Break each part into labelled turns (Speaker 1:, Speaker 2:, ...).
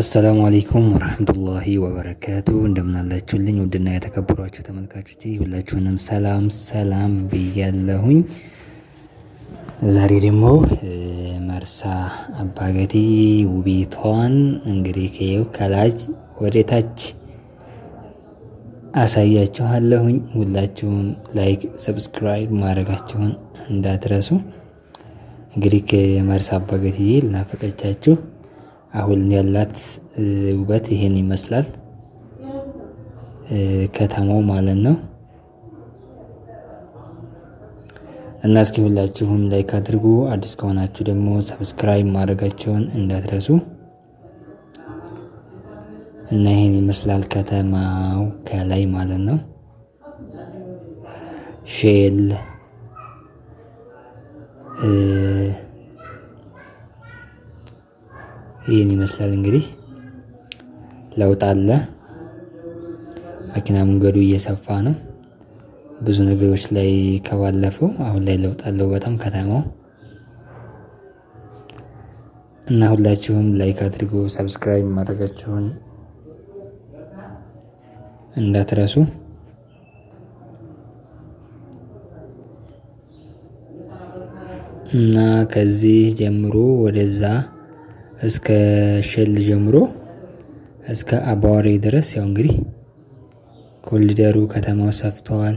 Speaker 1: አሰላሙ አሌይኩም ወረህመቱላሂ ወበረካቱ እንደምናላችሁልኝ ውድና የተከበሯችሁ ተመልካቾች ሁላችሁንም ሰላም ሰላም ብያለሁኝ። ዛሬ ደግሞ መርሳ አባገቲ ውቤቷን እንግዲህ ከየው ከላጅ ወደታች አሳያችኋለሁኝ። ሁላችሁም ላይክ፣ ሰብስክራይብ ማድረጋችሁን እንዳትረሱ። እንግዲህ መርሳ አባገቲ ልናፈቀቻችሁ አሁን ያላት ውበት ይሄን ይመስላል ከተማው ማለት ነው። እና እስኪ ሁላችሁም ላይክ አድርጉ። አዲስ ከሆናችሁ ደግሞ ሰብስክራይብ ማድረጋቸውን እንዳትረሱ። እና ይህን ይመስላል ከተማው ከላይ ማለት ነው። ሼል ይህን ይመስላል እንግዲህ ለውጥ አለ። መኪና መንገዱ እየሰፋ ነው። ብዙ ነገሮች ላይ ከባለፈው አሁን ላይ ለውጥ አለው በጣም ከተማው እና ሁላችሁም ላይክ አድርጉ፣ ሰብስክራይብ ማድረጋችሁን እንዳትረሱ። እና ከዚህ ጀምሮ ወደዛ እስከ ሸል ጀምሮ እስከ አባዋሬ ድረስ ያው እንግዲህ ኮሊደሩ ከተማው ሰፍተዋል።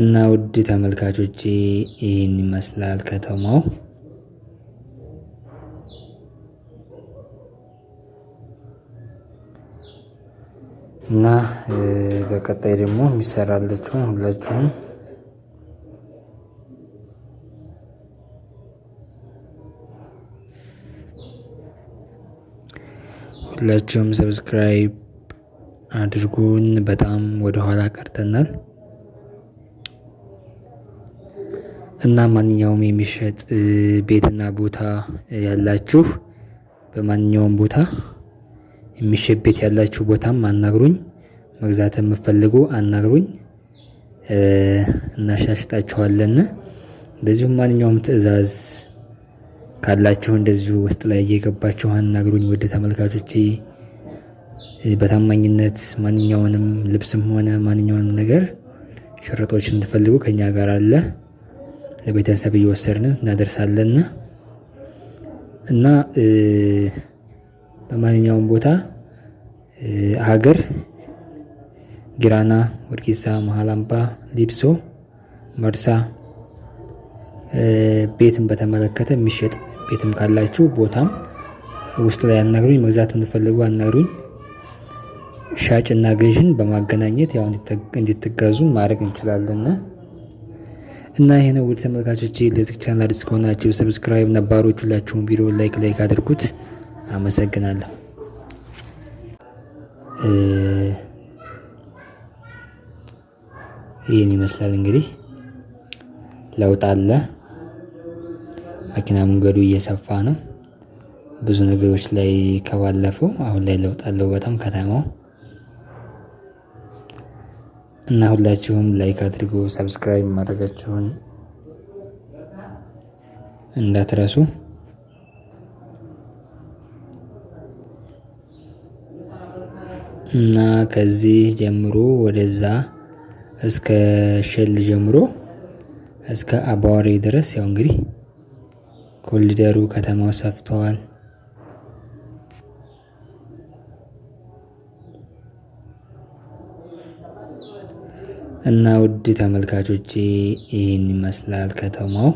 Speaker 1: እና ውድ ተመልካቾቼ ይህን ይመስላል ከተማው። እና በቀጣይ ደግሞ የሚሰራለችው ሁላችሁም ሁላችሁም ሰብስክራይብ አድርጉን። በጣም ወደኋላ ቀርተናል እና ማንኛውም የሚሸጥ ቤትና ቦታ ያላችሁ በማንኛውም ቦታ የሚሸቤት ያላችሁ ቦታም አናግሩኝ፣ መግዛት የምፈልጉ አናግሩኝ፣ እናሻሽጣችኋለን። እንደዚሁም ማንኛውም ትዕዛዝ ካላችሁ እንደዚሁ ውስጥ ላይ እየገባችሁ አናግሩኝ። ወደ ተመልካቾች በታማኝነት ማንኛውንም ልብስም ሆነ ማንኛውንም ነገር ሽርጦች እንትፈልጉ ከኛ ጋር አለ ለቤተሰብ እየወሰድን እናደርሳለን እና በማንኛውም ቦታ ሀገር ጊራና፣ ወርቂሳ፣ መሃላምባ፣ ሊብሶ፣ መርሳ ቤትን በተመለከተ የሚሸጥ ቤትም ካላችሁ ቦታም ውስጥ ላይ አናግሩኝ። መግዛት የምትፈልጉ አናግሩኝ። ሻጭና ገዥን በማገናኘት ያው እንዲትጋዙ ማድረግ እንችላለን። እና ይህ ነው ውድ ተመልካቾች፣ ለዚህ ቻናል አዲስ ከሆናችሁ ሰብስክራይብ፣ ነባሮች ሁላችሁም ቪዲዮ ላይክ ላይክ አድርጉት። አመሰግናለሁ። ይህን ይመስላል እንግዲህ ለውጥ አለ። መኪና መንገዱ እየሰፋ ነው። ብዙ ነገሮች ላይ ከባለፈው አሁን ላይ ለውጥ አለው በጣም ከተማው እና ሁላችሁም ላይክ አድርጉ፣ ሰብስክራይብ ማድረጋችሁን እንዳትረሱ። እና ከዚህ ጀምሮ ወደዛ እስከ ሸል ጀምሮ እስከ አባዋሬ ድረስ ያው እንግዲህ ኮሊደሩ ከተማው ሰፍተዋል። እና ውድ ተመልካቾቼ ይህን ይመስላል ከተማው።